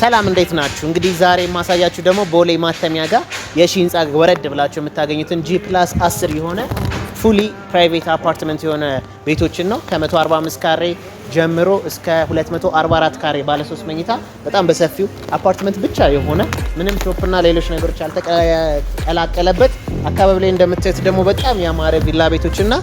ሰላም እንዴት ናችሁ? እንግዲህ ዛሬ የማሳያችሁ ደግሞ ቦሌ ማተሚያ ጋር የሺ ህንፃ ወረድ ብላችሁ የምታገኙትን ጂ ፕላስ 10 የሆነ ፉሊ ፕራይቬት አፓርትመንት የሆነ ቤቶችን ነው ከ145 ካሬ ጀምሮ እስከ 244 ካሬ ባለ 3 መኝታ በጣም በሰፊው አፓርትመንት ብቻ የሆነ ምንም ሾፕና ሌሎች ነገሮች ያልተቀላቀለበት አካባቢ ላይ እንደምታዩት ደግሞ በጣም ያማረ ቪላ ቤቶችና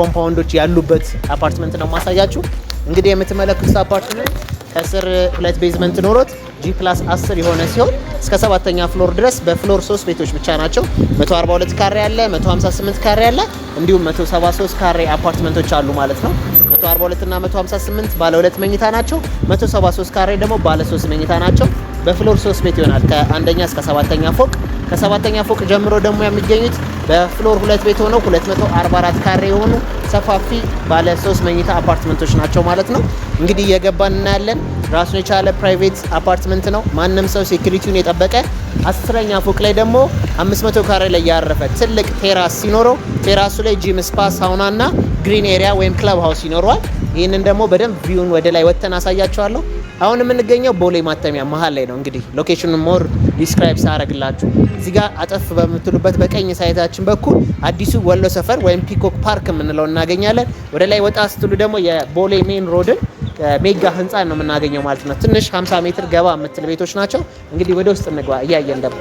ኮምፓውንዶች ያሉበት አፓርትመንት ነው ማሳያችሁ። እንግዲህ የምትመለከቱት አፓርትመንት ከስር ሁለት ቤዝመንት ኖሮት ጂ ፕላስ 10 የሆነ ሲሆን እስከ ሰባተኛ ፍሎር ድረስ በፍሎር ሶስት ቤቶች ብቻ ናቸው። 142 ካሬ ያለ፣ 158 ካሬ ያለ እንዲሁም 173 ካሬ አፓርትመንቶች አሉ ማለት ነው። 142 እና 158 ባለ ሁለት መኝታ ናቸው። 173 ካሬ ደግሞ ባለ ሶስት መኝታ ናቸው። በፍሎር ሶስት ቤት ይሆናል ከአንደኛ እስከ ሰባተኛ ፎቅ። ከሰባተኛ ፎቅ ጀምሮ ደግሞ የሚገኙት በፍሎር ሁለት ቤት ሆነው 244 ካሬ የሆኑ ሰፋፊ ባለ ሶስት መኝታ አፓርትመንቶች ናቸው ማለት ነው። እንግዲህ እየገባን እናያለን። ራሱን የቻለ ፕራይቬት አፓርትመንት ነው። ማንም ሰው ሴኩሪቲውን የጠበቀ አስረኛ ፎቅ ላይ ደግሞ 500 ካሬ ላይ ያረፈ ትልቅ ቴራስ ሲኖረው ቴራሱ ላይ ጂም፣ ስፓ፣ ሳውና እና ግሪን ኤሪያ ወይም ክለብ ሀውስ ይኖረዋል። ይህንን ደግሞ በደንብ ቪውን ወደ ላይ ወጥተን አሳያቸዋለሁ። አሁን የምንገኘው ቦሌ ማተሚያ መሀል ላይ ነው። እንግዲህ ሎኬሽኑ ሞር ዲስክራይብ ሳረግላችሁ እዚህ ጋር አጠፍ በምትሉበት በቀኝ ሳይታችን በኩል አዲሱ ወሎ ሰፈር ወይም ፒኮክ ፓርክ የምንለው እናገኛለን። ወደ ላይ ወጣ ስትሉ ደግሞ የቦሌ ሜን ሮድን ሜጋ ህንፃ ነው የምናገኘው ማለት ነው። ትንሽ 50 ሜትር ገባ የምትል ቤቶች ናቸው። እንግዲህ ወደ ውስጥ እንግባ እያየን ደግሞ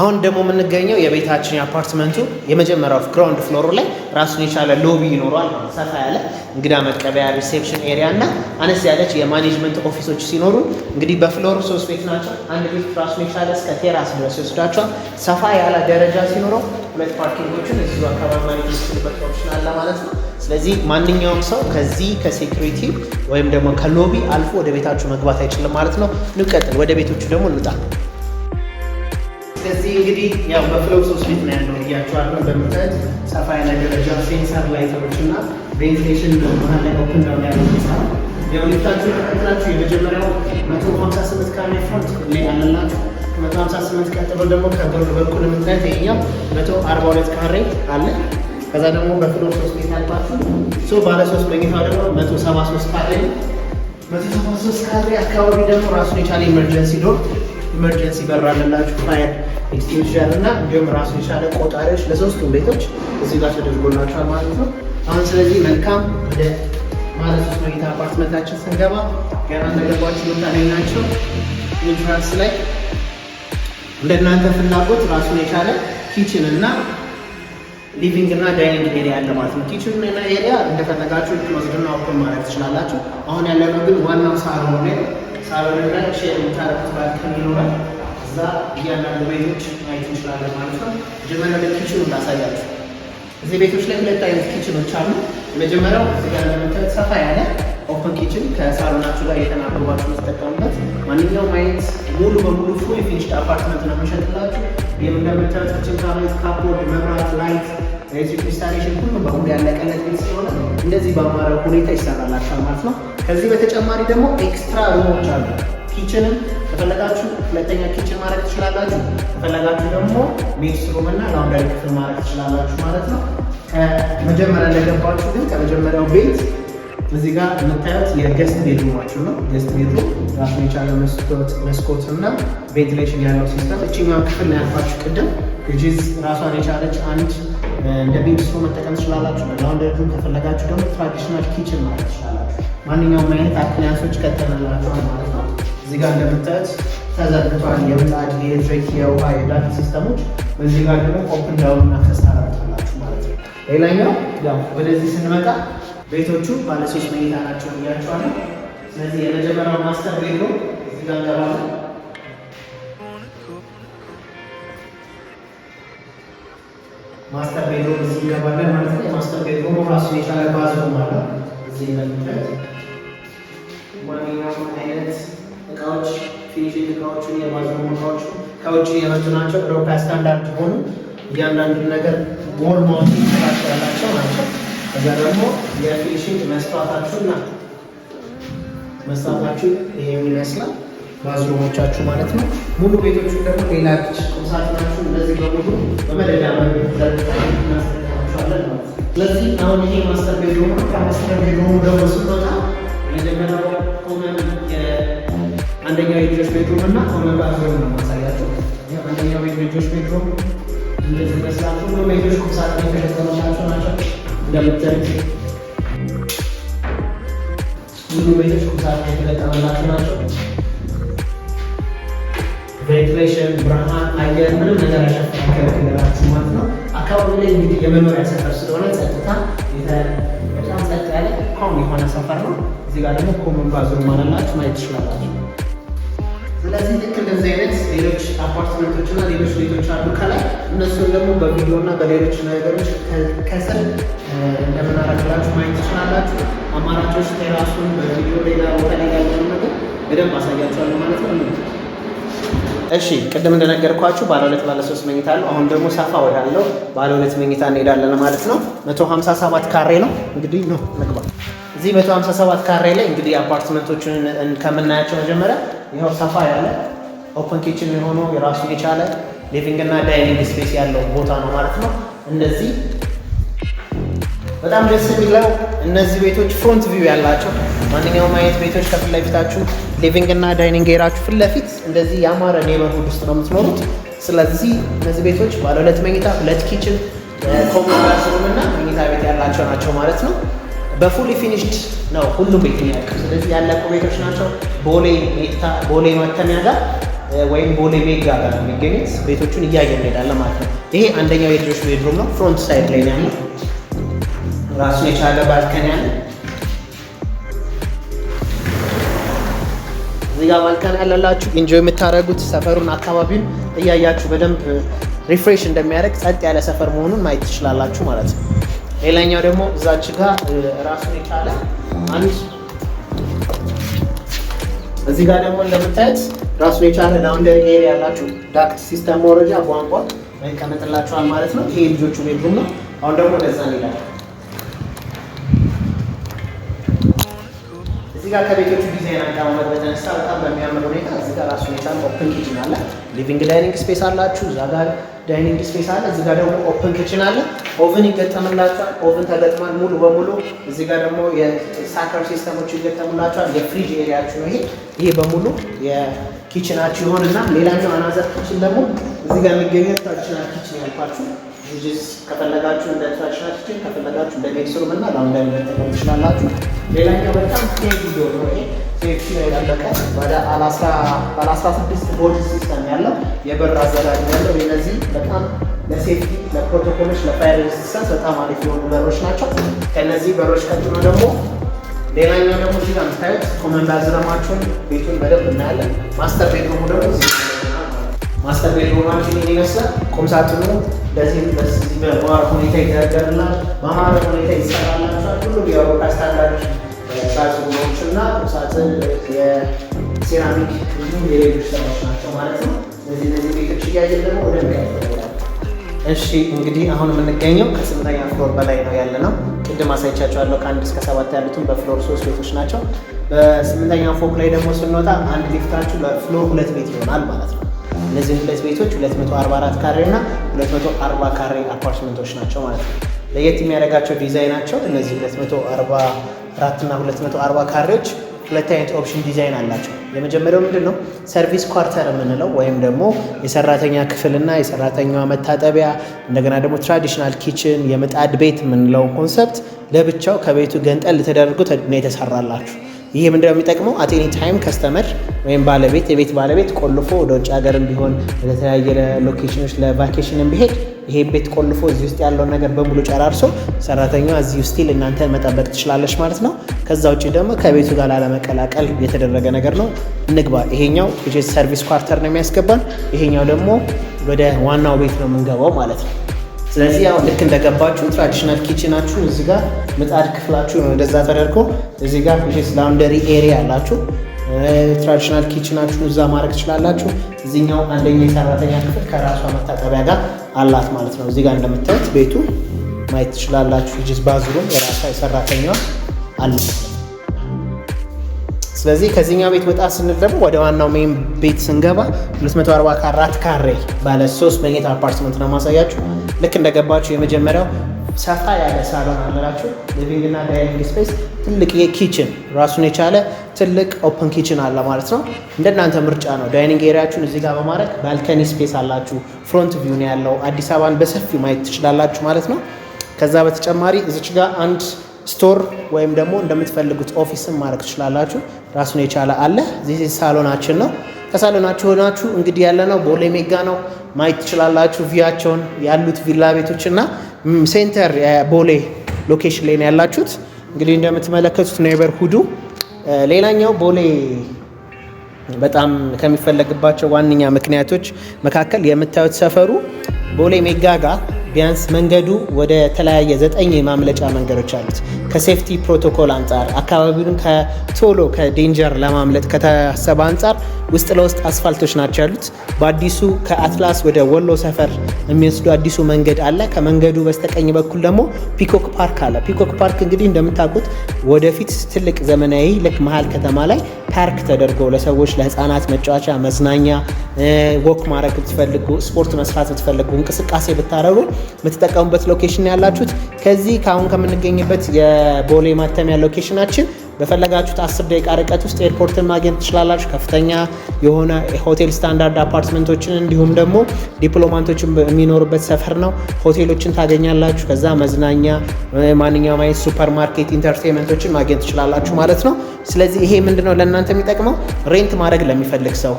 አሁን ደግሞ የምንገኘው የቤታችን የአፓርትመንቱ የመጀመሪያው ግራውንድ ፍሎሩ ላይ ራሱን የቻለ ሎቢ ይኖረዋል። ሰፋ ያለ እንግዳ መቀበያ ሪሴፕሽን ኤሪያ እና አነስ ያለች የማኔጅመንት ኦፊሶች ሲኖሩ እንግዲህ በፍሎሩ ሶስት ቤት ናቸው። አንድ ቤት ራሱን የቻለ እስከ ቴራስ ድረስ ይወስዳቸዋል። ሰፋ ያለ ደረጃ ሲኖረው ሁለት ፓርኪንጎችን እዚሁ አካባቢ ማኔጅ ስልበት ኦፕሽን አለ ማለት ነው። ስለዚህ ማንኛውም ሰው ከዚህ ከሴኩሪቲ ወይም ደግሞ ከሎቢ አልፎ ወደ ቤታችሁ መግባት አይችልም ማለት ነው። እንቀጥል። ወደ ቤቶቹ ደግሞ እንውጣ። ስለዚህ እንግዲህ ያው በፍሎክስ ሆስፒት ነው ያለው እያቸዋለሁ። በምታዩት ሰፋ ያለ ደረጃ ሴንሰር ላይተሮች እና ቬንቲሌሽን በመሃል ላይ ኦፕን ነው ያለው ሚሰራ የሁኔታችሁ ተከትላችሁ የመጀመሪያው መቶ ሀምሳ ስምንት ካሬ ፍሮንት ላይ አለላት። መቶ ሀምሳ ስምንት ቀጥሎ ደግሞ ከጎን በኩል የምታዩት ይኸኛው መቶ አርባ ሁለት ካሬ አለ። ከዛ ደግሞ በፍሎ ሶስት ቤት ያልኳችሁ ሶ ባለ ሶስት መኝታ ደግሞ መቶ ሰባ ሶስት ካሬ መቶ ሰባ ሶስት ካሬ አካባቢ ደግሞ ራሱን የቻለ ኢመርጀንሲ ዶር ኢመርጀንሲ በር አለላችሁ ፋየር ኤክስቴንሽን እና እንዲሁም ራሱ የቻለ ቆጣሪዎች ለሶስቱ ቤቶች እዚህ ጋር ተደርጎላቸዋል ማለት ነው። አሁን ስለዚህ መልካም ወደ ማለት ውስጥ መኝታ አፓርትመንታችን ስንገባ ገና እንደገባችሁ ቦታ ናቸው። ኢንሹራንስ ላይ እንደናንተ ፍላጎት ራሱን የቻለ ኪችን እና ሊቪንግ እና ዳይኒንግ ኤሪያ ያለ ማለት ነው። ኪችን እና ኤሪያ እንደፈለጋችሁ ወስድና ኦፕን ማድረግ ትችላላችሁ። አሁን ያለነው ግን ዋናው ሳሎን ላይ ሳሎን ላይ ሼር የምታደረጉት ባልከን ይኖራል እዛ እያንዳንዱ ቤቶች ማየት እንችላለን ማለት ነው። መጀመሪያ ወደ ኪችኑ እናሳያችሁ። እዚህ ቤቶች ላይ ሁለት አይነት ኪችኖች አሉ። የመጀመሪያው እዚህ ጋር ለምታዩት ሰፋ ያለ ኦፕን ኪችን ከሳሎናችሁ ጋር እየተናገሯችሁ የምትጠቀሙበት ማንኛውም አይነት ሙሉ በሙሉ ፉል ፊኒሽድ አፓርትመንት ነው የምንሸጥላችሁ። ይህም እንደምታዩት ኪችን ካቢኔት፣ ካፖርድ፣ መብራት፣ ላይት ኤሌክትሪክ ኢንስታሌሽን ሁሉ በሙሉ ያለቀለት ቤት ስለሆነ እንደዚህ በአማረ ሁኔታ ይሰራላችኋል ማለት ነው። ከዚህ በተጨማሪ ደግሞ ኤክስትራ ሩሞች አሉ። ኪችንም ከፈለጋችሁ ሁለተኛ ኪችን ማድረግ ትችላላችሁ። ከፈለጋችሁ ደግሞ ሜድስ ሩም እና ላውንደሪ ክፍል ማድረግ ትችላላችሁ ማለት ነው። ከመጀመሪያ ለገባችሁ ግን ከመጀመሪያው ቤት እዚህ ጋር የምታዩት የገስት ቤድሩማችሁ ነው። ገስት ቤድሩም ራሱን የቻለ መስኮት እና ቬንቲሌሽን ያለው ሲስተም። እችኛዋ ክፍል ላይ ያልኳችሁ ቅድም ጅዝ ራሷን የቻለች አንድ እንደ ቤት ውስጥ መጠቀም ትችላላችሁ። ላውንደሪ ሩም ከፈለጋችሁ ደግሞ ትራዲሽናል ኪችን ማለት ትችላላችሁ። ማንኛውም አይነት አፕላያንሶች ቀጠመላቸዋል ማለት ነው። እዚህ ጋር እንደምታዩት ተዘርግቷል። የምጣድ የኤሌክትሪክ የውሃ የዳታ ሲስተሞች በዚህ ጋር ደግሞ ኦፕን ዳውን እና ታደርጋላችሁ ማለት ነው። ሌላኛው ያው ወደዚህ ስንመጣ ቤቶቹ ባለ መኝታ ናቸው እያቸዋለሁ። ስለዚህ የመጀመሪያው ማስተር ቤት ነው። እዚህ ጋር እንገባለን። ማስተር ቤድሮም እዚህ እንገባለን ማለት ነው። የማስተር ቤድሮም ራሱ የቻለ ባዝሩም አለ። እዚህ እንደምታዩት ማንኛውም አይነት እቃዎች ፊኒሽንግ እቃዎችን የማዘሙ እቃዎቹ ከውጭ የመጡ ናቸው። ኢሮፓ ስታንዳርድ ሆኑ እያንዳንዱ ነገር ሞል ማውት ስራቸው ያላቸው ናቸው። እዛ ደግሞ የፊኒሽንግ መስታወታችሁና መስታወታችሁ ይሄ ይመስላል ባዝሮሞቻችሁ ማለት ነው። ሙሉ ቤቶቹ ደግሞ ሌላ ቁምሳጥናችሁ እንደዚህ በሙሉ በመደዳ እናስጠቀማችኋለን ማለት ነው። ስለዚህ አሁን ይሄ ማስተር ቤድሩም ከማስተር ቤድሩም ደግሞ ስንወጣ መጀመሪያ ቆመን ቤድሩም እና ኮመን ባዝሩም ነው ማሳያቸው። አንደኛው ቤት ልጆች ቤድሩም እንደዚህ ይመስላል። ሁሉ ቤቶች ቁምሳጥን የተሸከመቻቸው ናቸው። እንደምታዩት ሁሉ ቤቶች ቁምሳጥን የተገጠመላቸው ናቸው። ቬንቲሌሽን፣ ብርሃን፣ አየር ምንም ነገር ያሸፍናቸው ክልላችን ማለት ነው። አካባቢ ላይ እንግዲህ የመኖሪያ ሰፈር ስለሆነ ጸጥታ በጣም ጸጥ ያለ ኮም የሆነ ሰፈር ነው። እዚህ ጋር ደግሞ ኮመን ባዝሩም አላላችሁ ማየት ትችላላችሁ። እነዚህ ልክ እንደዚህ አይነት ሌሎች አፓርትመንቶች እና ሌሎች ቤቶች አሉ ከላይ። እነሱን ደግሞ በቪዲዮ እና በሌሎች ነገሮች ከስር እንደምናረግላችሁ ማየት ትችላላችሁ። አማራጮች ቴራሱን በቪዲዮ ሌላ ቦታ ላይ ያለውን ነገር በደንብ ማለት ነው። እሺ ቅድም እንደነገርኳችሁ ባለ ሁለት ባለ ሶስት መኝታ አለው። አሁን ደግሞ ሰፋ ወዳለው ባለ ሁለት መኝታ እንሄዳለን ማለት ነው። መቶ ሀምሳ ሰባት ካሬ ነው እንግዲህ ነው ምግባል እዚህ መቶ ሃምሳ ሰባት ካሬ ላይ እንግዲህ አፓርትመንቶቹን ከምናያቸው መጀመሪያ ይኸው ሰፋ ያለ ኦፕን ኪችን የሆኑ የራሱን የቻለ ሊቪንግ እና ዳይኒንግ ስፔስ ያለው ቦታ ነው ማለት ነው። እንደዚህ በጣም ደስ የሚለው እነዚህ ቤቶች ፍሮንት ቪው ያላቸው ማንኛውም አይነት ቤቶች ከፊት ለፊታችሁ ሊቪንግ እና ዳይኒንግ የራችሁ ፊት ለፊት እንደዚህ ያማረ ኔበርሁድ ውስጥ ነው የምትኖሩት። ስለዚህ እነዚህ ቤቶች ባለ ሁለት መኝታ ሁለት ኪችን ኮሚሽን ሩም እና መኝታ ቤት ያላቸው ናቸው ማለት ነው። በፉሊ ፊኒሽድ ነው ሁሉም ቤት የሚያውቅ። ስለዚህ ያለቁ ቤቶች ናቸው። ቦሌ ሜታ ቦሌ መተሚያ ጋር ወይም ቦሌ ሜጋ ጋር የሚገኙት ቤቶቹን እያየ እንሄዳለን ማለት ነው። ይሄ አንደኛው የልጆች ቤድሩም ነው። ፍሮንት ሳይድ ላይ ነው ራሱን የቻለ ባልከን ያለ እዚጋ ጋር ባልከን ያለላችሁ ኢንጆይ የምታደርጉት ሰፈሩን፣ አካባቢውን እያያችሁ በደንብ ሪፍሬሽ እንደሚያደርግ ጸጥ ያለ ሰፈር መሆኑን ማየት ትችላላችሁ ማለት ነው። ሌላኛው ደግሞ እዛች ጋር ራሱን የቻለ አንድ እዚህ ጋር ደግሞ እንደምታየት ራሱን የቻለ ላውንደሪ ኤሪያ ያላችሁ ዳክት ሲስተም መውረጃ ቧንቧ ይቀመጥላችኋል ማለት ነው። ይሄ ልጆቹ ቤት ነው። አሁን ደግሞ ደዛ ሌላ እዚህ ጋር ከቤቶቹ ዲዛይን አቀማመጥ በተነሳ በጣም በሚያምር ሁኔታ እዚህ ጋር ራሱን የቻለ ኦፕን ኪችን አለ። ሊቪንግ ዳይኒንግ ስፔስ አላችሁ። እዛ ጋር ዳይኒንግ ስፔስ አለ። እዚህ ጋር ደግሞ ኦፕን ክችን አለ። ኦቨን ይገጠምላቸዋል። ኦቨን ተገጥሟል ሙሉ በሙሉ። እዚህ ጋር ደግሞ የሳከር ሲስተሞች ይገጠሙላቸዋል። የፍሪጅ ኤሪያችሁ ነው ይሄ። ይሄ በሙሉ የኪችናችሁ ይሆንና ሌላኛው አናዘር ኪችን ደግሞ እዚህ ጋር የሚገኘው ትራዲሽናል ኪችን ያልኳችሁ ከፈለጋችሁ እንደ ትራዲሽናል ኪችን ከፈለጋችሁ እንደ ቤድሩም እና ላውንደሪ መጠቀም ትችላላችሁ። ሌላኛው በጣም ቴ ዶር ነው ይሄ ሴፍቲ ላይ ያለቀ ባለ አስራ ስድስት ቦል ሲስተም ያለው የበር አዘጋጅ ያለው እነዚህ በጣም ለሴፍቲ ለፕሮቶኮሎች ለፋይር ሬዚስተንስ በጣም አሪፍ የሆኑ በሮች ናቸው። ከእነዚህ በሮች ቀጥሎ ደግሞ ሌላኛው ደግሞ እዚህ ጋር የምታዩት ኮመንድ አዝረማቸውን ቤቱን በደንብ እናያለን። ማስተር ቤድሩሙ ደግሞ ማስተር ቤድሩማችን ይመስላል። ቁምሳጥኑ በዚህ በማር ሁኔታ ይደረደርላል። በማር ሁኔታ ይሰራላቸዋል። ሁሉም የአውሮፓ ስታንዳርዶች ሳጥኖች እና ሳጥን የሴራሚክ እንዲሁም የሌሎች ስራዎች ናቸው ማለት ነው። እነዚህ እነዚህ ቤቶች እያየን ደግሞ ወደ እሺ፣ እንግዲህ አሁን የምንገኘው ከስምንተኛ ፍሎር በላይ ነው ያለ ነው። ቅድም አሳይቻቸዋለሁ። ከአንድ እስከ ሰባት ያሉትን በፍሎር ሶስት ቤቶች ናቸው። በስምንተኛ ፎቅ ላይ ደግሞ ስንወጣ አንድ ሊፍታችሁ በፍሎር ሁለት ቤት ይሆናል ማለት ነው። እነዚህ ሁለት ቤቶች 244 ካሬ እና 240 ካሬ አፓርትመንቶች ናቸው ማለት ነው። ለየት የሚያደርጋቸው ዲዛይናቸው እነዚህ 240 አራትና 240 ካሬዎች ሁለት አይነት ኦፕሽን ዲዛይን አላቸው። የመጀመሪያው ምንድን ነው ሰርቪስ ኳርተር የምንለው ወይም ደግሞ የሰራተኛ ክፍልና የሰራተኛዋ መታጠቢያ እንደገና ደግሞ ትራዲሽናል ኪችን የምጣድ ቤት የምንለው ኮንሰፕት ለብቻው ከቤቱ ገንጠል ተደርጎ ነው የተሰራላችሁ። ይህ ምንድነው የሚጠቅመው አቴኒ ታይም ከስተመር ወይም ባለቤት የቤት ባለቤት ቆልፎ ወደ ውጭ ሀገርም ቢሆን ለተለያየ ሎኬሽኖች ለቫኬሽንም ቢሄድ ይሄ ቤት ቆልፎ እዚህ ውስጥ ያለውን ነገር በሙሉ ጨራርሶ ሰራተኛ እዚህ ውስጥ እናንተ መጠበቅ ትችላለች ማለት ነው። ከዛ ውጭ ደግሞ ከቤቱ ጋር ላለመቀላቀል የተደረገ ነገር ነው። እንግባ። ይሄኛው ሰርቪስ ኳርተር ነው የሚያስገባን፣ ይሄኛው ደግሞ ወደ ዋናው ቤት ነው የምንገባው ማለት ነው። ስለዚህ አሁን ልክ እንደገባችሁ ትራዲሽናል ኪችናችሁ እዚህ ጋር ምጣድ ክፍላችሁ እንደዛ ተደርጎ እዚህ ጋር ላውንደሪ ኤሪያ አላችሁ። ትራዲሽናል ኪችናችሁን እዛ ማድረግ ትችላላችሁ። እዚኛው አንደኛ የሰራተኛ ክፍል ከራሷ መታጠቢያ ጋር አላት ማለት ነው። እዚህ ጋር እንደምታዩት ቤቱ ማየት ትችላላችሁ። ልጅስ ባዝሩም የራሷ የሰራተኛ አለ። ስለዚህ ከዚህኛው ቤት ወጣ ስንል ደግሞ ወደ ዋናው ሜን ቤት ስንገባ 240 ካራት ካሬ ባለ ሶስት መኝታ አፓርትመንት ነው ማሳያችሁ። ልክ እንደገባችሁ የመጀመሪያው ሰፋ ያለ ሳሎን አላችሁ፣ ሊቪንግ እና ዳይኒንግ ስፔስ፣ ትልቅ የኪችን ራሱን የቻለ ትልቅ ኦፕን ኪችን አለ ማለት ነው። እንደናንተ ምርጫ ነው። ዳይኒንግ ኤሪያችሁን እዚህ ጋር በማድረግ ባልከኒ ስፔስ አላችሁ። ፍሮንት ቪው ነው ያለው። አዲስ አበባን በሰፊው ማየት ትችላላችሁ ማለት ነው። ከዛ በተጨማሪ እዚች ጋር አንድ ስቶር ወይም ደግሞ እንደምትፈልጉት ኦፊስን ማድረግ ትችላላችሁ። ራሱን የቻለ አለ። እዚህ ሳሎናችን ነው። ከሳሎናችሁ ሆናችሁ እንግዲህ ያለ ነው ቦሌ ሜጋ ነው ማየት ትችላላችሁ። ቪያቸውን ያሉት ቪላ ቤቶች እና ሴንተር ቦሌ ሎኬሽን ላይ ነው ያላችሁት። እንግዲህ እንደምትመለከቱት ኔበርሁዱ ሌላኛው ቦሌ በጣም ከሚፈለግባቸው ዋነኛ ምክንያቶች መካከል የምታዩት ሰፈሩ ቦሌ ሜጋ ጋር ቢያንስ መንገዱ ወደ ተለያየ ዘጠኝ የማምለጫ መንገዶች አሉት። ከሴፍቲ ፕሮቶኮል አንጻር አካባቢውን ከቶሎ ከዴንጀር ለማምለጥ ከታሰበ አንጻር ውስጥ ለውስጥ አስፋልቶች ናቸው ያሉት። በአዲሱ ከአትላስ ወደ ወሎ ሰፈር የሚወስዱ አዲሱ መንገድ አለ። ከመንገዱ በስተቀኝ በኩል ደግሞ ፒኮክ ፓርክ አለ። ፒኮክ ፓርክ እንግዲህ እንደምታውቁት ወደፊት ትልቅ ዘመናዊ ልክ መሀል ከተማ ላይ ፓርክ ተደርጎ ለሰዎች ለህፃናት መጫወቻ መዝናኛ፣ ወክ ማድረግ ብትፈልጉ፣ ስፖርት መስራት ብትፈልጉ፣ እንቅስቃሴ ብታረጉ የምትጠቀሙበት ሎኬሽን ያላችሁት ከዚህ ከአሁን ከምንገኝበት የቦሌ ማተሚያ ሎኬሽናችን በፈለጋችሁት አስር ደቂቃ ርቀት ውስጥ ኤርፖርትን ማግኘት ትችላላችሁ። ከፍተኛ የሆነ ሆቴል ስታንዳርድ አፓርትመንቶችን እንዲሁም ደግሞ ዲፕሎማቶችን የሚኖሩበት ሰፈር ነው። ሆቴሎችን ታገኛላችሁ። ከዛ መዝናኛ፣ ማንኛውም አይነት ሱፐርማርኬት፣ ኢንተርቴንመንቶችን ማግኘት ትችላላችሁ ማለት ነው። ስለዚህ ይሄ ምንድነው ለእናንተ የሚጠቅመው ሬንት ማድረግ ለሚፈልግ ሰው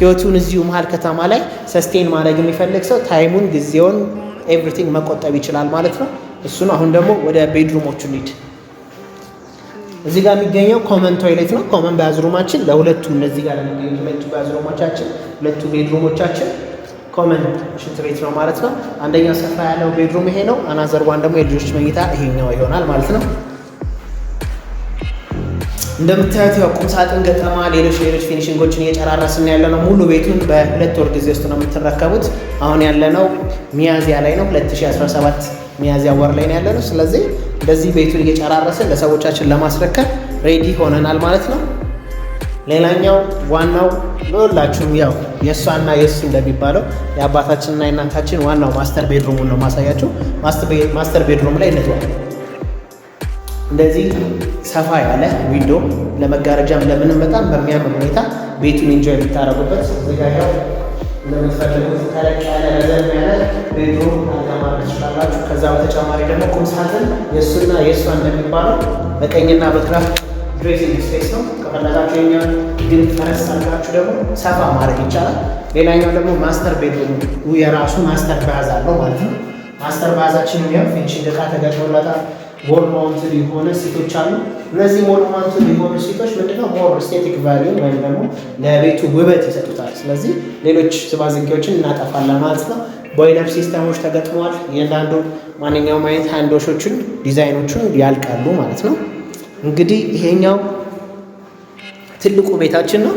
ህይወቱን እዚሁ መሀል ከተማ ላይ ሰስቴን ማድረግ የሚፈልግ ሰው ታይሙን፣ ጊዜውን ኤቭሪቲንግ መቆጠብ ይችላል ማለት ነው። እሱን አሁን ደግሞ ወደ ቤድሩሞቹ እንሂድ። እዚህ ጋር የሚገኘው ኮመን ቶይሌት ነው። ኮመን ባዝሩማችን ለሁለቱ እነዚህ ጋር ለሚገኙ ሁለቱ ባዝሩሞቻችን ሁለቱ ቤድሩሞቻችን ኮመን ሽንት ቤት ነው ማለት ነው። አንደኛው ሰፋ ያለው ቤድሩም ይሄ ነው። አናዘር ዋን ደግሞ የልጆች መኝታ ይሄኛው ይሆናል ማለት ነው። እንደምታዩት ያው ቁም ሳጥን ገጠማ፣ ሌሎች ሌሎች ፊኒሽንጎችን እየጨራረስን ያለ ነው። ሙሉ ቤቱን በሁለት ወር ጊዜ ውስጥ ነው የምትረከቡት። አሁን ያለነው ሚያዚያ ላይ ነው፣ 2017 ሚያዚያ ወር ላይ ነው ያለነው። ስለዚህ እንደዚህ ቤቱን እየጨራረስን ለሰዎቻችን ለማስረከብ ሬዲ ሆነናል ማለት ነው። ሌላኛው ዋናው ለሁላችሁም ያው የእሷና የእሱ እንደሚባለው የአባታችንና የእናታችን ዋናው ማስተር ቤድሩሙን ነው ማሳያችሁ። ማስተር ቤድሩም ላይ እንተዋል። እንደዚህ ሰፋ ያለ ዊንዶ ለመጋረጃም ለምንም በጣም በሚያምር ሁኔታ ቤቱን ኢንጆይ የሚታረጉበት ዘጋጃው እንደምትፈልጉት ተለቅ ያለ ረዘም ያለ ቤድሮም ማድረግ ትችላላችሁ። ከዛ በተጨማሪ ደግሞ ቁምሳጥን የእሱና የእሷ እንደሚባለው በቀኝና በግራ ድሬሲንግ ስፔስ ነው። ከፈለጋችሁ የኛ ግን ፈረስ አድርጋችሁ ደግሞ ሰፋ ማድረግ ይቻላል። ሌላኛው ደግሞ ማስተር ቤድሮሙ የራሱ ማስተር ባዝ አለው ማለት ነው። ማስተር ባዛችን ቢሆን ፊንቺ ዕቃ ተገጥሞለታል። ዎል ማውንትን የሆነ ሴቶች አሉ። እነዚህ ዎል ማውንትን የሆኑ ሴቶች ምንድነው ሞር ስቴቲክ ቫሊዩ ወይም ደግሞ ለቤቱ ውበት ይሰጡታል። ስለዚህ ሌሎች ስባዝጌዎችን እናጠፋለን ማለት ነው። ቦይለር ሲስተሞች ተገጥመዋል። እያንዳንዱ ማንኛውም አይነት ሃንዶሾችን ዲዛይኖቹን ያልቃሉ ማለት ነው። እንግዲህ ይሄኛው ትልቁ ቤታችን ነው።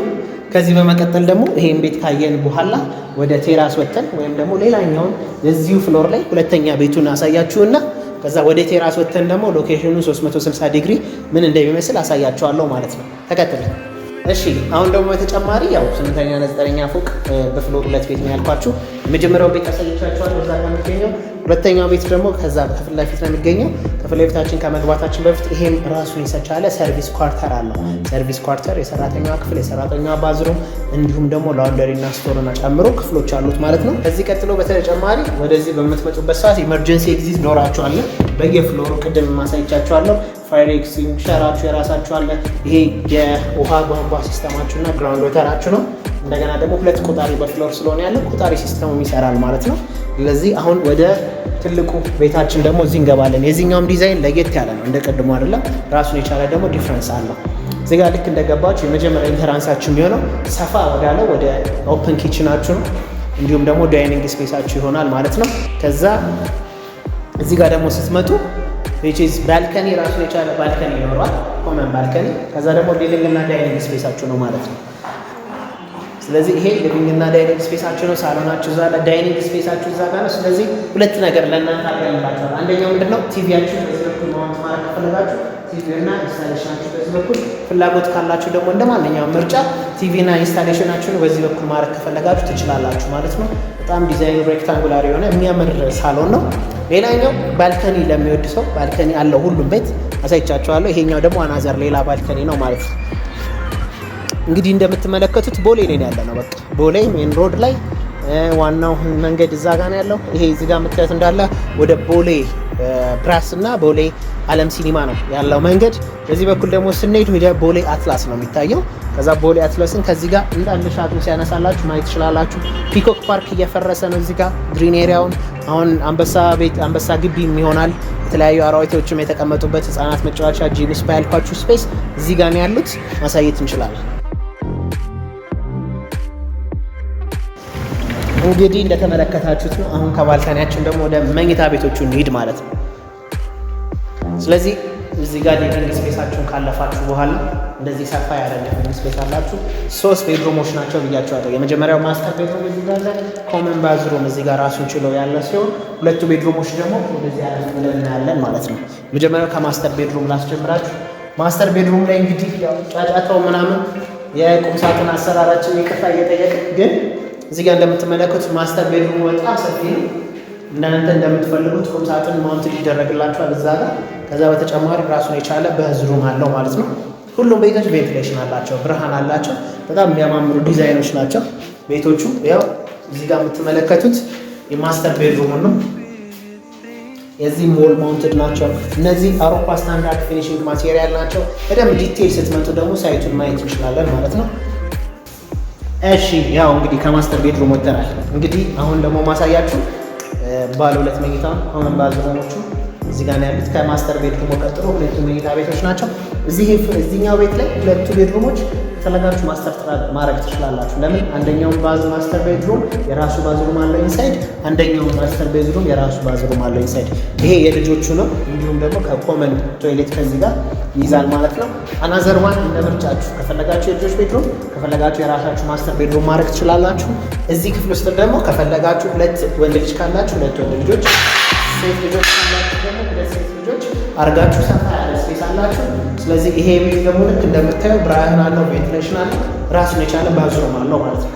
ከዚህ በመቀጠል ደግሞ ይሄን ቤት ካየን በኋላ ወደ ቴራስ ወጥተን ወይም ደግሞ ሌላኛውን እዚሁ ፍሎር ላይ ሁለተኛ ቤቱን አሳያችሁና ከዛ ወደ ቴራስ ወተን ደግሞ ሎኬሽኑ 360 ዲግሪ ምን እንደሚመስል አሳያቸዋለሁ ማለት ነው። ተከትለ እሺ። አሁን ደግሞ በተጨማሪ ያው ስምንተኛና ዘጠነኛ ፎቅ በፍሎር ሁለት ቤት ነው ያልኳችሁ። የመጀመሪያው ቤት አሳይቻችኋለሁ እዛ ጋር የሚገኘው ሁለተኛው ቤት ደግሞ ከዛ ከፊት ለፊት ነው የሚገኘው። ከፊት ለፊታችን ከመግባታችን በፊት ይሄም ራሱን የቻለ ሰርቪስ ኳርተር አለው። ሰርቪስ ኳርተር የሰራተኛ ክፍል፣ የሰራተኛ ባዝሩም እንዲሁም ደግሞ ላውንደሪ ላውንደሪና ስቶርና ጨምሮ ክፍሎች አሉት ማለት ነው። ከዚህ ቀጥሎ በተጨማሪ ወደዚህ በምትመጡበት ሰዓት ኤመርጀንሲ ኤግዚት ኖራችኋለን በየፍሎሩ ቅድም ማሳይቻችኋለሁ። ፋይር ኤክስቲንጉሸራችሁ የራሳችሁ አለ። ይሄ የውሃ ቧንቧ ሲስተማችሁ ሲስተማችሁና ግራውንድ ወተራችሁ ነው። እንደገና ደግሞ ሁለት ቆጣሪ በፍሎር ስለሆነ ያለ ቆጣሪ ሲስተሙ ይሰራል ማለት ነው። ስለዚህ አሁን ወደ ትልቁ ቤታችን ደግሞ እዚህ እንገባለን። የዚህኛውም ዲዛይን ለየት ያለ ነው፣ እንደ ቅድሞ አይደለም። ራሱን የቻለ ደግሞ ዲፍረንስ አለው። እዚህ ጋር ልክ እንደገባችሁ የመጀመሪያ ኢንተራንሳችሁ የሚሆነው ሰፋ ወዳለው ወደ ኦፕን ኪችናችሁ ነው። እንዲሁም ደግሞ ዳይኒንግ ስፔሳችሁ ይሆናል ማለት ነው። ከዛ እዚህ ጋር ደግሞ ስትመጡ ዝ ባልከኒ ራሱን የቻለ ባልከኒ ይኖረዋል፣ ኮመን ባልከኒ። ከዛ ደግሞ ሊቪንግ እና ዳይኒንግ ስፔሳችሁ ነው ማለት ነው። ስለዚህ ይሄ ሊቪንግና ዳይኒንግ ስፔሳችሁ ነው። ሳሎናችሁ እዛ ጋር፣ ዳይኒንግ ስፔሳችሁ እዛ ጋር ነው። ስለዚህ ሁለት ነገር ለእናንተ አቀርብላችኋለሁ። አንደኛው ነው? ቲቪያችሁ በዚህ በኩል ማውንት ማድረግ ከፈለጋችሁ ቲቪና ኢንስታሌሽናችሁ በዚህ በኩል፣ ፍላጎት ካላችሁ ደግሞ እንደ ማንኛውም ምርጫ ቲቪና ኢንስታሌሽናችሁን በዚህ በኩል ማድረግ ከፈለጋችሁ ትችላላችሁ ማለት ነው። በጣም ዲዛይኑ ሬክታንጉላር የሆነ የሚያምር ሳሎን ነው። ሌላኛው ባልከኒ ለሚወድ ሰው ባልከኒ አለው ሁሉም ቤት አሳይቻችኋለሁ። ይሄኛው ደግሞ አናዘር ሌላ ባልከኒ ነው ማለት ነው። እንግዲህ እንደምትመለከቱት ቦሌ ነው ያለ ነው። በቃ ቦሌ ሜን ሮድ ላይ ዋናው መንገድ እዛ ጋ ነው ያለው። ይሄ እዚህ ጋ የምታዩት እንዳለ ወደ ቦሌ ፕራስ እና ቦሌ አለም ሲኒማ ነው ያለው መንገድ። በዚህ በኩል ደግሞ ስንሄድ ወደ ቦሌ አትላስ ነው የሚታየው። ከዛ ቦሌ አትላስን ከዚህ ጋር እንዳንድ ሻቱ ሲያነሳላችሁ ማየት ትችላላችሁ። ፒኮክ ፓርክ እየፈረሰ ነው እዚህ ጋር ግሪን ኤሪያውን። አሁን አንበሳ ቤት አንበሳ ግቢ ይሆናል። የተለያዩ አራዊቶችም የተቀመጡበት ህጻናት መጫወቻ ጂም ስፓ ያልኳችሁ ስፔስ እዚህ ጋር ነው ያሉት። ማሳየት እንችላለን። እንግዲህ እንደተመለከታችሁት ነው። አሁን ከባልካኒያችን ደግሞ ወደ መኝታ ቤቶቹ እንሂድ ማለት ነው። ስለዚህ እዚህ ጋር ሊቪንግ ስፔሳችሁን ካለፋችሁ በኋላ እንደዚህ ሰፋ ያለ ሊቪንግ ስፔስ አላችሁ። ሶስት ቤድሮሞች ናቸው ብያቸዋለሁ። የመጀመሪያው ማስተር ቤድሮም እዚህ ጋር አለ። ኮመን ባዝሮም እዚህ ጋር ራሱን ችሎ ያለ ሲሆን ሁለቱ ቤድሮሞች ደግሞ እንደዚህ ያለ እናያለን ማለት ነው። መጀመሪያው ከማስተር ቤድሮም ላስጀምራችሁ። ማስተር ቤድሮም ላይ እንግዲህ ጫጫታው ምናምን የቁምሳጥን አሰራራችን ይቅርታ እየጠየቅ ግን እዚህ ጋር እንደምትመለከቱት ማስተር ቤድሩም በጣም ሰፊ ነው። እናንተ እንደምትፈልጉት ቁም ሳጥን ማውንት ሊደረግላችኋል እዛ ጋር። ከዛ በተጨማሪ ራሱን የቻለ በህዝሩም አለው ማለት ነው። ሁሉም ቤቶች ቬንትሌሽን አላቸው፣ ብርሃን አላቸው። በጣም የሚያማምሩ ዲዛይኖች ናቸው ቤቶቹ። ያው እዚህ ጋር የምትመለከቱት የማስተር ቤድሩም ነው። የዚህ ሞል ማውንትድ ናቸው። እነዚህ አውሮፓ ስታንዳርድ ፊኒሽንግ ማቴሪያል ናቸው። በደንብ ዲቴይል ስትመጡ ደግሞ ሳይቱን ማየት እንችላለን ማለት ነው። እሺ ያው እንግዲህ ከማስተር ቤድሩም ወጥተናል። እንግዲህ አሁን ደግሞ ማሳያችሁ ባለ ሁለት መኝታ አሁንም ባልዘመኖቹ እዚህ ጋር ያሉት ከማስተር ቤድሩም ቀጥሎ ሁለቱ መኝታ ቤቶች ናቸው። እዚህ እዚህኛው ቤት ላይ ሁለቱ ቤድሩሞች ከፈለጋችሁ ማስተር ማድረግ ትችላላችሁ። ለምን አንደኛው ባዝ ማስተር ቤድሩም የራሱ ባዝሩም አለው ኢንሳይድ፣ አንደኛው ማስተር ቤድሩም የራሱ ባዝሩም አለው ኢንሳይድ። ይሄ የልጆቹ ነው። እንዲሁም ደግሞ ከኮመን ቶይሌት ከዚህ ጋር ይይዛል ማለት ነው። አናዘር ዋን እንደ ምርጫችሁ፣ ከፈለጋችሁ የልጆች ቤድሩም፣ ከፈለጋችሁ የራሳችሁ ማስተር ቤድሩም ማድረግ ትችላላችሁ። እዚህ ክፍል ውስጥ ደግሞ ከፈለጋችሁ ሁለት ወንድ ልጅ ካላችሁ ሁለት ወንድ ልጆች፣ ሴት ልጆች ካላችሁ ደግሞ ሁለት ሴት ልጆች አርጋችሁ ሰፋ ያለ ስፔስ አላችሁ። ስለዚህ ይሄ ቤት ደግሞ ልክ እንደምታየው ብርሃን አለው፣ ቬንቲሌሽን አለው፣ ራሱን የቻለ ባዙም አለው ማለት ነው።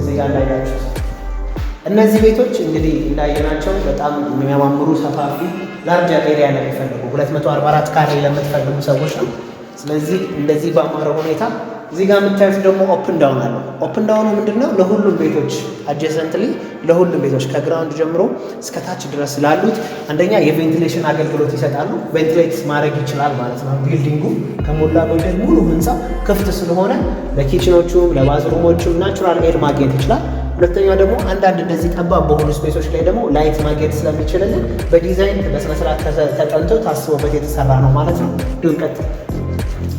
እዚህ ጋር እንዳያችሁ እነዚህ ቤቶች እንግዲህ እንዳየናቸው በጣም የሚያማምሩ ሰፋፊ ላርጅ ኤሪያ ለሚፈልጉ 244 ካሬ ለምትፈልጉ ሰዎች ነው። ስለዚህ እንደዚህ በአማረ ሁኔታ እዚህ ጋር የምታዩት ደግሞ ኦፕን ዳውን አለው። ኦፕን ዳውኑ ምንድነው? ለሁሉም ቤቶች አጀሰንትሊ ለሁሉም ቤቶች ከግራውንድ ጀምሮ እስከ ታች ድረስ ላሉት አንደኛ የቬንቲሌሽን አገልግሎት ይሰጣሉ። ቬንቲሌት ማድረግ ይችላል ማለት ነው። ቢልዲንጉ ከሞላ ጎደል ሙሉ ህንፃ ክፍት ስለሆነ ለኪችኖቹም ለባዝሩሞቹም ናቹራል ኤር ማግኘት ይችላል። ሁለተኛ ደግሞ አንዳንድ እንደዚህ ጠባብ በሆኑ ስፔሶች ላይ ደግሞ ላይት ማግኘት ስለሚችልልን በዲዛይን በስነስርዓት ተጠንቶ ታስቦበት የተሰራ ነው ማለት ነው። ድንቀት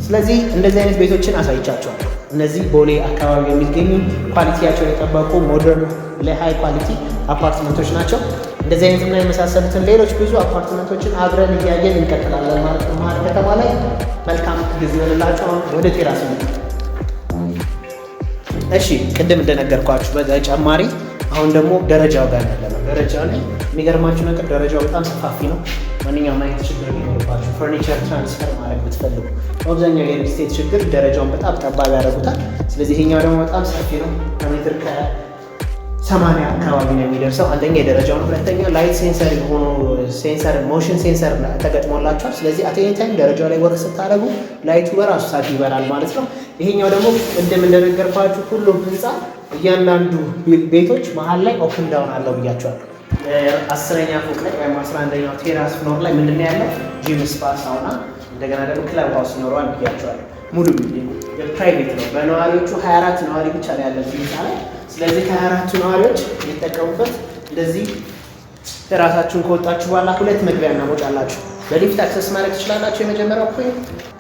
ስለዚህ እንደዚህ አይነት ቤቶችን አሳይቻቸዋል። እነዚህ ቦሌ አካባቢ የሚገኙ ኳሊቲያቸው የጠበቁ ሞደርን ለሃይ ኳሊቲ አፓርትመንቶች ናቸው። እንደዚህ አይነትና የመሳሰሉትን ሌሎች ብዙ አፓርትመንቶችን አብረን እያየን እንቀጥላለን ማለት ነው። መሀል ከተማ ላይ መልካም ጊዜ ሆንላቸው። ወደ ቴራስ እሺ፣ ቅድም እንደነገርኳችሁ በተጨማሪ አሁን ደግሞ ደረጃው ጋር ያለ ነው። ደረጃ ላይ የሚገርማችሁ ነገር ደረጃው በጣም ሰፋፊ ነው። ማንኛውም አይነት ችግር ቢኖርባቸው ፈርኒቸር ትራንስፈር ማድረግ ብትፈልጉ፣ በአብዛኛው የሪል ስቴት ችግር ደረጃውን በጣም ጠባብ ያደርጉታል። ስለዚህ ይሄኛው ደግሞ በጣም ሰፊ ነው ከሜትር ሰማንያ አካባቢ ነው የሚደርሰው። አንደኛ የደረጃውን፣ ሁለተኛ ላይት ሴንሰር የሆኑ ሴንሰር ሞሽን ሴንሰር ተገጥሞላቸዋል። ስለዚህ አቴኒታይም ደረጃው ላይ ወርቅ ስታደርጉ ላይቱ በራሱ ሰዓት ይበራል ማለት ነው። ይሄኛው ደግሞ ቅድም እንደነገርኳችሁ ሁሉም ህንፃ እያንዳንዱ ቤቶች መሀል ላይ ኦፕን ዳውን አለው ብያቸዋል። አስረኛ ፎቅ ላይ ወይም አስራ አንደኛው ቴራስ ፍሎር ላይ ምንድን ነው ያለው ጂም፣ ስፓ፣ ሳውና እንደገና ደግሞ ክለብ ሀውስ ይኖረዋል ብያቸዋል። ሙሉ ፕራይቬት ነው። በነዋሪዎቹ 24 ነዋሪ ብቻ ነው ያለ ህንፃ ላይ ስለዚህ ከሀያ አራቱ ነዋሪዎች የሚጠቀሙበት እንደዚህ ራሳችሁን ከወጣችሁ በኋላ ሁለት መግቢያና መውጫ አላችሁ። በሊፍት አክሰስ ማድረግ ትችላላችሁ። የመጀመሪያው ኮይ።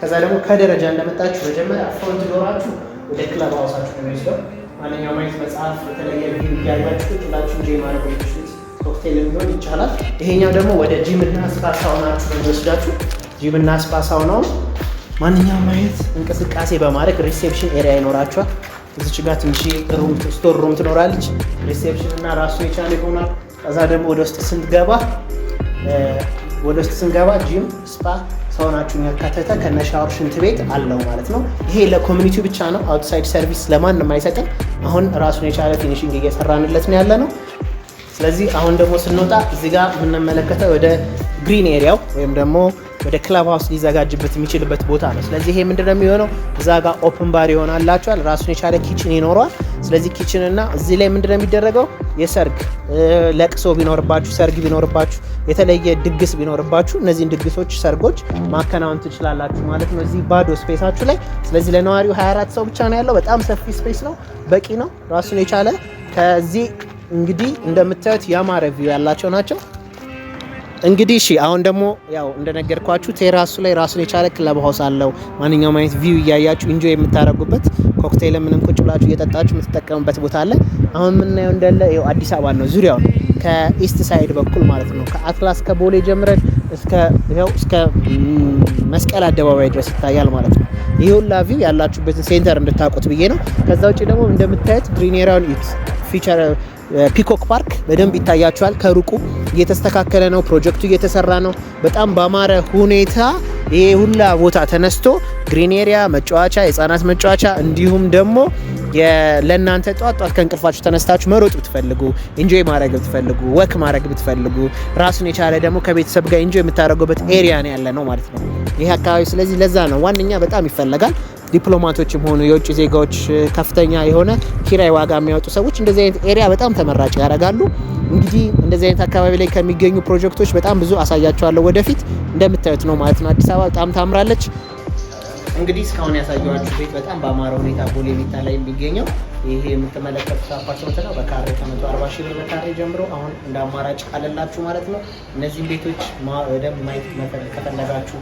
ከዛ ደግሞ ከደረጃ እንደመጣችሁ መጀመሪያ ፍሮንት ዶራችሁ ወደ ክለብ አውሳችሁ ነው የሚወስደው። ማንኛውም አይነት መጽሐፍ፣ የተለየ ቪዲዮ እያያችሁ ጥላችሁ እንጂ ማድረግ የሚችሉት ኮክቴል ሊሆን ይቻላል። ይሄኛው ደግሞ ወደ ጂም ጂምና ስፓ ሳውናችሁ ነው የሚወስዳችሁ። ጂምና ስፓ ሳውናው ማንኛውም አይነት እንቅስቃሴ በማድረግ ሪሴፕሽን ኤሪያ ይኖራችኋል። እዚች ጋር ትንሽ ስቶር ሩም ትኖራለች። ሪሴፕሽን እና ራሱ የቻለ ይሆናል። ከዛ ደግሞ ወደ ውስጥ ስንገባ ወደ ውስጥ ስንገባ ጂም፣ ስፓ፣ ሳውናችሁን ያካተተ ከነ ሻወር ሽንት ቤት አለው ማለት ነው። ይሄ ለኮሚኒቲ ብቻ ነው። አውትሳይድ ሰርቪስ ለማንም አይሰጥም። አሁን ራሱን የቻለ ፊኒሽንግ እየሰራንለት ነው ያለ ነው። ስለዚህ አሁን ደግሞ ስንወጣ እዚህ ጋር የምንመለከተው ወደ ግሪን ኤሪያው ወይም ደግሞ ወደ ክለብ ሀውስ ሊዘጋጅበት የሚችልበት ቦታ ነው። ስለዚህ ይሄ ምንድነው የሚሆነው? እዛ ጋር ኦፕን ባር ይሆናላቸዋል። ራሱን የቻለ ኪችን ይኖረዋል። ስለዚህ ኪችን እና እዚህ ላይ ምንድነው የሚደረገው? የሰርግ ለቅሶ ቢኖርባችሁ፣ ሰርግ ቢኖርባችሁ፣ የተለየ ድግስ ቢኖርባችሁ እነዚህን ድግሶች፣ ሰርጎች ማከናወን ትችላላችሁ ማለት ነው እዚህ ባዶ ስፔሳችሁ ላይ። ስለዚህ ለነዋሪው 24 ሰው ብቻ ነው ያለው። በጣም ሰፊ ስፔስ ነው፣ በቂ ነው ራሱን የቻለ ከዚህ እንግዲህ እንደምታዩት ያማረ ቪው ያላቸው ናቸው። እንግዲህ እሺ፣ አሁን ደግሞ ያው እንደነገርኳችሁ ቴራሱ ላይ ራሱን የቻለ ክለብ ሀውስ አለው። ማንኛውም አይነት ቪው እያያችሁ ኢንጆይ የምታደርጉበት ኮክቴል ምንም ቁጭ ብላችሁ እየጠጣችሁ የምትጠቀሙበት ቦታ አለ። አሁን የምናየው እንዳለ ያው አዲስ አበባ ነው፣ ዙሪያውን ከኢስት ሳይድ በኩል ማለት ነው። ከአትላስ ከቦሌ ጀምረን እስከ ያው እስከ መስቀል አደባባይ ድረስ ይታያል ማለት ነው። ይህ ሁላ ቪው ያላችሁበትን ሴንተር እንድታውቁት ብዬ ነው። ከዛ ውጭ ደግሞ እንደምታዩት ግሪን ፊቸር ፒኮክ ፓርክ በደንብ ይታያቸዋል። ከሩቁ እየተስተካከለ ነው፣ ፕሮጀክቱ እየተሰራ ነው። በጣም ባማረ ሁኔታ ይሄ ሁላ ቦታ ተነስቶ ግሪን ኤሪያ መጫወቻ፣ የህፃናት መጫወቻ እንዲሁም ደግሞ ለእናንተ ጧት ጧት ከእንቅልፋችሁ ተነስታችሁ መሮጥ ብትፈልጉ ኢንጆይ ማድረግ ብትፈልጉ ወክ ማድረግ ብትፈልጉ ራሱን የቻለ ደግሞ ከቤተሰብ ጋር ኢንጆይ የምታደርጉበት ኤሪያ ነው ያለ ነው ማለት ነው ይህ አካባቢ። ስለዚህ ለዛ ነው ዋነኛ በጣም ይፈለጋል። ዲፕሎማቶችም ሆኑ የውጭ ዜጋዎች ከፍተኛ የሆነ ኪራይ ዋጋ የሚያወጡ ሰዎች እንደዚህ አይነት ኤሪያ በጣም ተመራጭ ያደርጋሉ። እንግዲህ እንደዚህ አይነት አካባቢ ላይ ከሚገኙ ፕሮጀክቶች በጣም ብዙ አሳያቸዋለሁ ወደፊት። እንደምታዩት ነው ማለት ነው። አዲስ አበባ በጣም ታምራለች። እንግዲህ እስካሁን ያሳየኋችሁ ቤት በጣም በአማረ ሁኔታ ቦሌ ቤታ ላይ የሚገኘው ይሄ የምትመለከቱት አፓርትመንት ነው። በካሬ ከመቶ አርባ ሺህ ብር በካሬ ጀምሮ አሁን እንደ አማራጭ አለላችሁ ማለት ነው። እነዚህም ቤቶች ደንብ ማየት ከፈለጋችሁ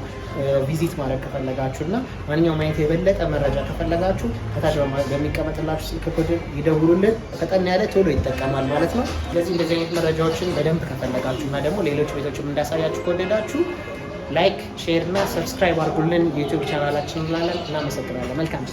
ቪዚት ማድረግ ከፈለጋችሁ እና ማንኛውም አይነት የበለጠ መረጃ ከፈለጋችሁ ከታች በሚቀመጥላችሁ ስልክ ቁጥር ይደውሉልን። ፈጠን ያለ ቶሎ ይጠቀማል ማለት ነው። ስለዚህ እንደዚህ አይነት መረጃዎችን በደንብ ከፈለጋችሁ እና ደግሞ ሌሎች ቤቶችም እንዳሳያችሁ ከወደዳችሁ ላይክ፣ ሼር እና ሰብስክራይብ አድርጉልን ዩቱብ ቻናላችን እንላለን። እናመሰግናለን። መልካም